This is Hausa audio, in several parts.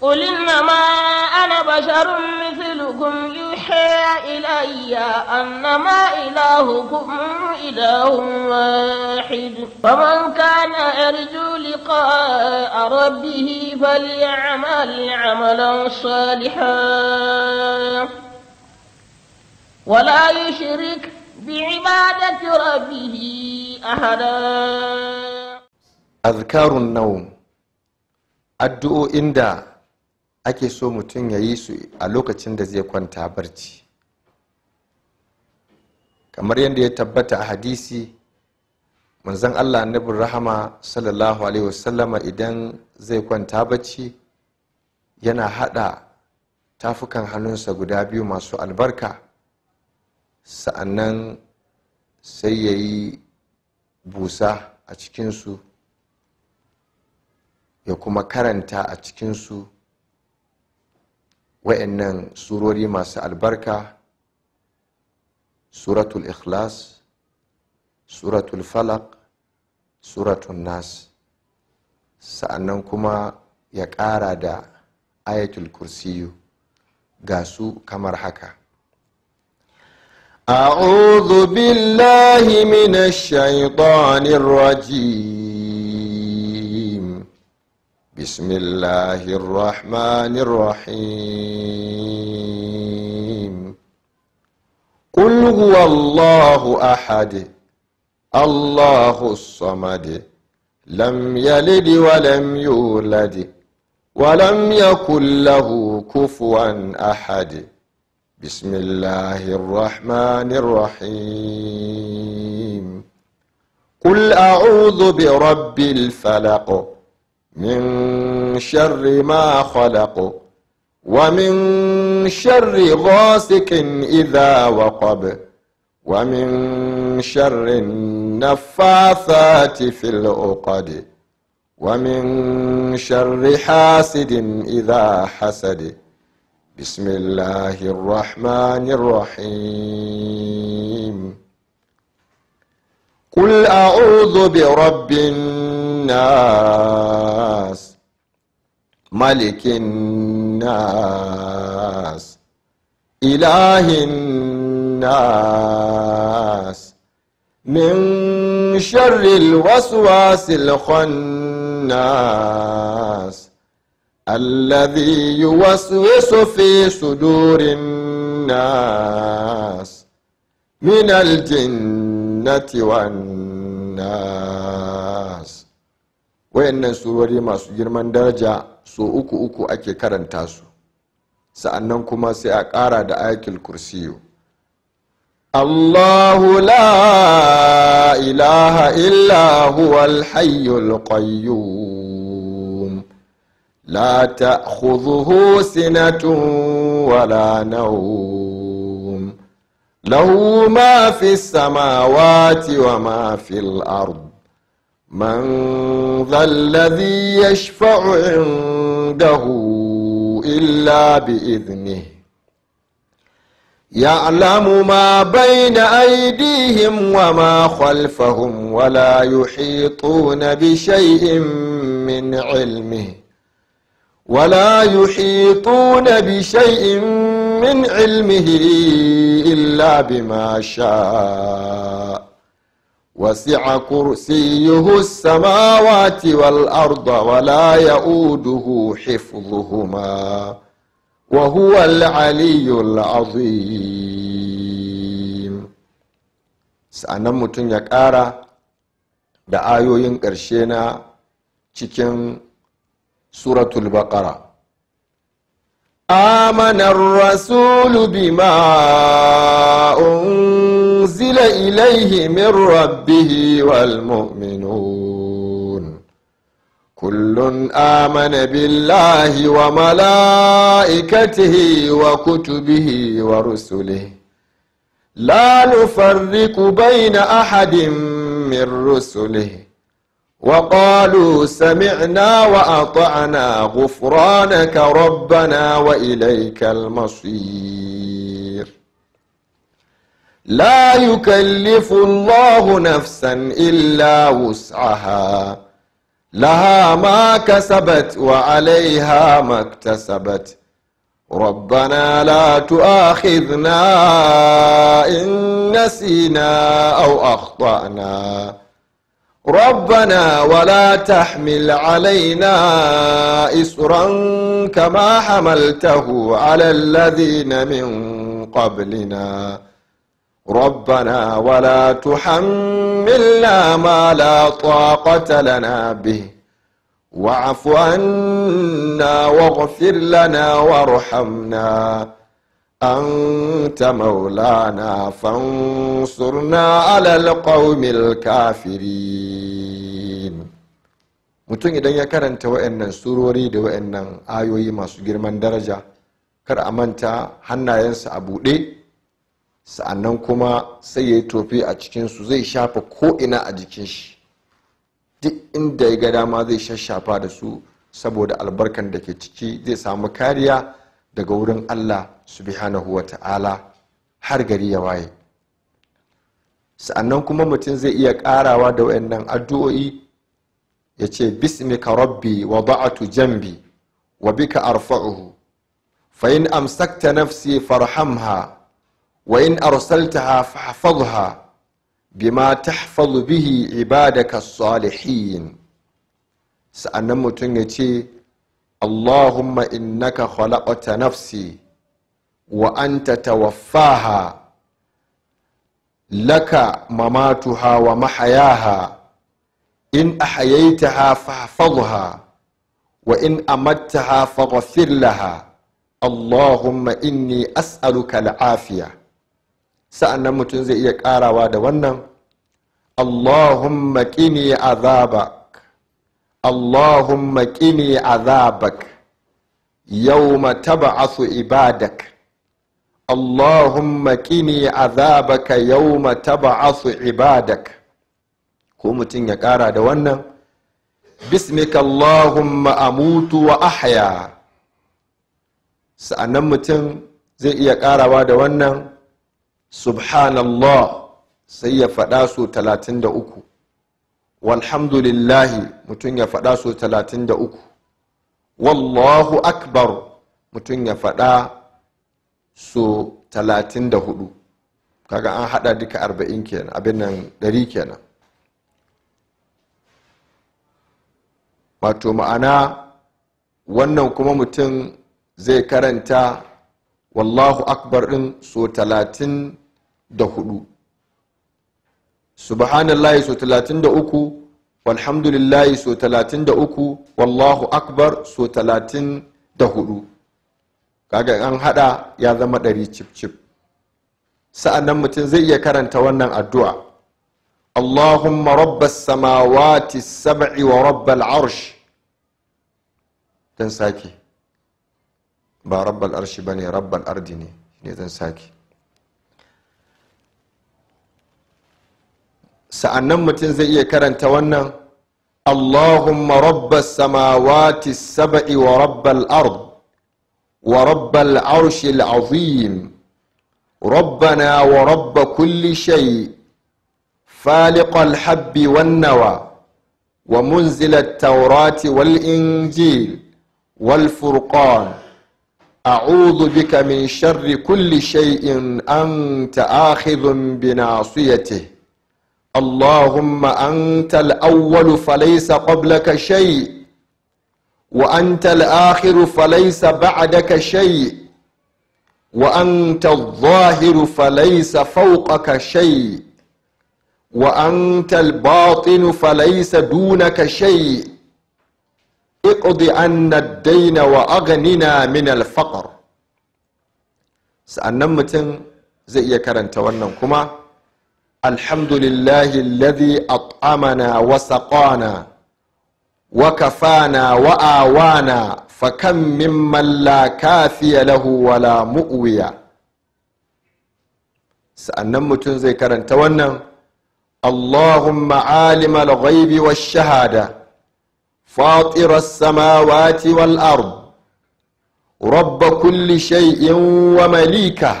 قل إنما أنا بشر مثلكم يوحى إلي أنما إلهكم إله واحد فمن كان يرجو لقاء ربه فليعمل عملا صالحا ولا يشرك بعبادة ربه أحدا أذكار النوم الدؤ إندا ake so mutum ya yi su a lokacin da zai kwanta barci kamar yadda ya tabbata a hadisi manzon allah annabin rahama sallallahu alaihi wasallama idan zai kwanta barci, yana hada tafukan hannunsa guda biyu masu albarka sa'annan sai ya yi busa a cikinsu ya kuma karanta a cikinsu wa'annan surori masu albarka suratul ikhlas suratul falak suratul nas sa'annan kuma ya ƙara da ayatul kursiyu ga su kamar haka أعوذ بالله من الشيطان الرجيم بسم الله الرحمن الرحيم قل هو الله احد الله الصمد لم يلد ولم يولد ولم يكن له كفوا احد بسم الله الرحمن الرحيم قل اعوذ برب الفلق من شر ما خلق ومن شر غاسق إذا وقب ومن شر النفاثات في العقد ومن شر حاسد إذا حسد بسم الله الرحمن الرحيم قل أعوذ برب الناس ملك الناس إله الناس من شر الوسواس الخناس الذي يوسوس في صدور الناس من الجنة والناس وإن سوري ما سجر من درجة so uku uku ake karanta su sa'annan kuma sai a ƙara da ayatul kursiyo Allahu la ilaha illa huwal hayyul qayyum la ta'khudhuhu sinatun wala nawm lahu ma fis samawati wa ma fil ard man الذي ladhi عنده إلا بإذنه يعلم ما بين أيديهم وما خلفهم ولا يحيطون بشيء من علمه ولا يحيطون بشيء من علمه إلا بما شاء وسع كرسيه السماوات والأرض ولا يؤوده حفظهما وهو العلي العظيم sa'annan mutum ya ƙara da ayoyin ƙarshe na cikin suratul baqara آمن الرسول بما أنزل أنزل إليه من ربه والمؤمنون كل آمن بالله وملائكته وكتبه ورسله لا نفرق بين أحد من رسله وقالوا سمعنا وأطعنا غفرانك ربنا وإليك المصير لا يكلف الله نفسا إلا وسعها لها ما كسبت وعليها ما اكتسبت ربنا لا تؤاخذنا إن نسينا أو أخطأنا ربنا ولا تحمل علينا إسرا كما حملته على الذين من قبلنا ربنا ولا تحملنا ما لا طاقة لنا به واعف عنا واغفر لنا وارحمنا أنت مولانا فانصرنا على القوم الكافرين متون إذا كانت وإن سروري دو إن آيوي ما سجر من درجة كرأمانتا حنا ينسى أبو sa'annan kuma sai ya yi tofi a cikinsu zai shafa ko'ina a jikin shi duk inda ya ga dama zai shashafa da su saboda albarkan da ke ciki zai samu kariya daga wurin allah subhanahu wa ta'ala har gari ya waye sa'annan kuma mutum zai iya karawa da wayannan addu'o'i ya ce bismika rabbi wa ba'atu jambi wa bika arfa'uhu fa in amsakta nafsi farhamha wa in arsaltaha fahfazha bima tahfazu bihi ibadaka salihin sa'annan mutum ya ce allahumma innaka khalaqta nafsi wa anta waffaha laka mamatuhawa wa mahayaha in ahayaitaha fahfazha wa in amattaha faghfir laha allahumma inni as'aluka al'afiya sa'an nan mutum zai iya ƙarawa da wannan allahumma kini azabak allahumma qini azabak yawma tab'asu ibadak allahumma qini azabaka yawma tab'asu ibadak ko mutum ya ƙara da wannan bismika allahumma amutu wa ahya sa'annan mutum zai iya ƙarawa da wannan subhanallah sai ya faɗa so talatin da uku walhamdulillahi mutum ya faɗa so talatin da uku wallahu akbar mutum ya faɗa so talatin da hudu kaga an haɗa duka arba'in kenan abin nan ɗari kenan wato ma'ana wannan kuma mutum zai karanta wallahu akbar din so talatin da hudu subhanallahi so talatin da uku walhamdulillahi so talatin da uku wallahu akbar so talatin da hudu kaga an hada ya zama ɗari cif cif sa'annan mutum zai iya karanta wannan addu'a Allahumma samawati sab'i wa Rabbal arsh Dan sake ba rabbal arshi ba ne rabbal ardi ne ne zan sake sa'annan mutum zai iya karanta wannan allahumma rabbas samawati saba'i wa rabbal ard wa rabbal arshi al'azim rabbana wa rabba kulli shai, shay فالق الحب taurati wal التوراة wal والفرقان أعوذ بك من شر كل شيء أنت آخذ بناصيته اللهم أنت الأول فليس قبلك شيء وأنت الآخر فليس بعدك شيء وأنت الظاهر فليس فوقك شيء وأنت الباطن فليس دونك شيء اقض عنا الدين واغننا min الفقر sa'annan mutum zai iya karanta wannan kuma alhamdulillahi alladhi at'amana wa saqana wa kafana wa awana fakam mimman la kafiya lahu wala mu'wiya sa'annan mutum zai karanta wannan allahumma alima al-ghaibi wash-shahada فاطر السماوات والأرض رب كل شيء ومليكه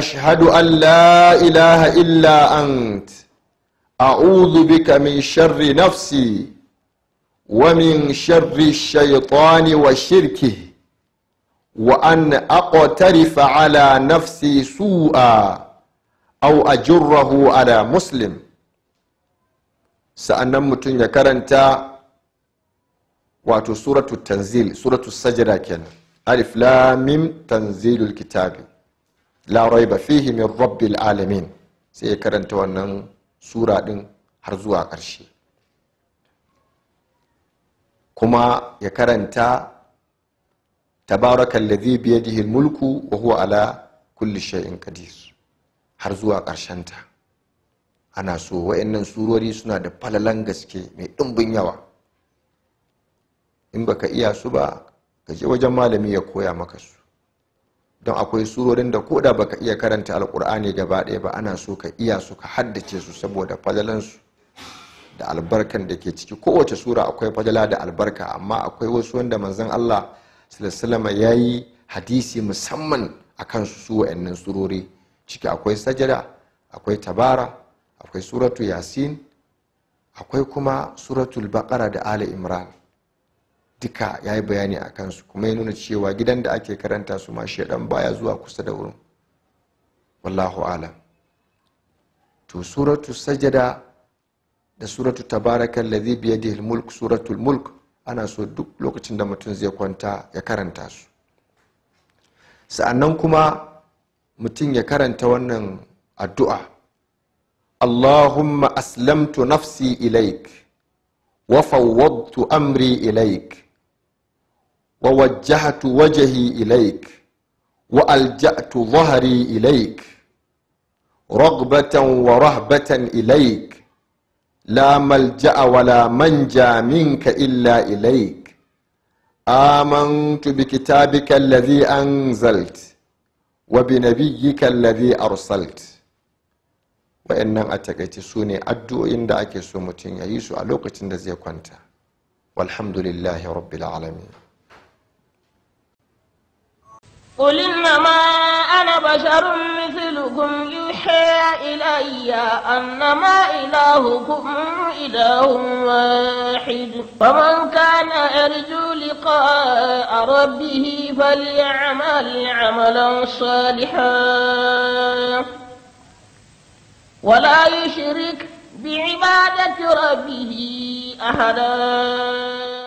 أشهد أن لا إله إلا أنت أعوذ بك من شر نفسي ومن شر الشيطان وشركه وأن أقترف على نفسي سوءا أو أجره على مسلم سأنمت يكرنتا wato suratu tanzil suratu sajada kenan alif lamim tanzilul kitabi la raiba fihi min rabbil alamin sai ya karanta wannan sura din har zuwa ƙarshe kuma ya karanta tabarakan ladhi biyadihi mulku wa huwa ala kulli shay'in qadir har zuwa ƙarshenta ana so wa'annan surori suna da falalan gaske mai ɗumbin yawa in baka iya su ba ka je wajen malami ya koya maka su don akwai surorin da koda baka iya karanta alkur'ani gaba ɗaya ba ana so ka iya su ka haddace su saboda fadalansu da albarkan da ke ciki kowace sura akwai fadala da albarka amma akwai wasu wanda manzon Allah sallallahu ya yi hadisi musamman akan su su wa'annan surori ciki akwai sajada akwai tabara akwai suratu yasin akwai kuma suratul baqara da ali imran duka ya yi bayani a kansu kuma ya nuna cewa gidan da ake karanta su ma shaidan baya zuwa kusa da wurin wallahu alam to suratu sajada da suratu tabarakan biya da mulk suratul mulk ana so duk lokacin da mutum zai kwanta ya karanta su sa'annan kuma mutum ya karanta wannan addu'a allahumma aslamtu nafsi ilaik wa fawwadtu amri ilaik wa wajjahtu wajhi ilaik wa alja'tu dhahri ilaik raghbatan wa rahbatan ilaik la malja'a wa la manja minka illa ilaik amantu bi kitabika alladhi anzalt wa bi nabiyyika alladhi arsalt wa'annan a takaice su ne addu'o'in da ake so mutum ya yi su a lokacin da zai kwanta walhamdulillahi rabbil alamin قل إنما أنا بشر مثلكم يوحى إلي أنما إلهكم إله واحد فمن كان يرجو لقاء ربه فليعمل عملا صالحا ولا يشرك بعبادة ربه أحدا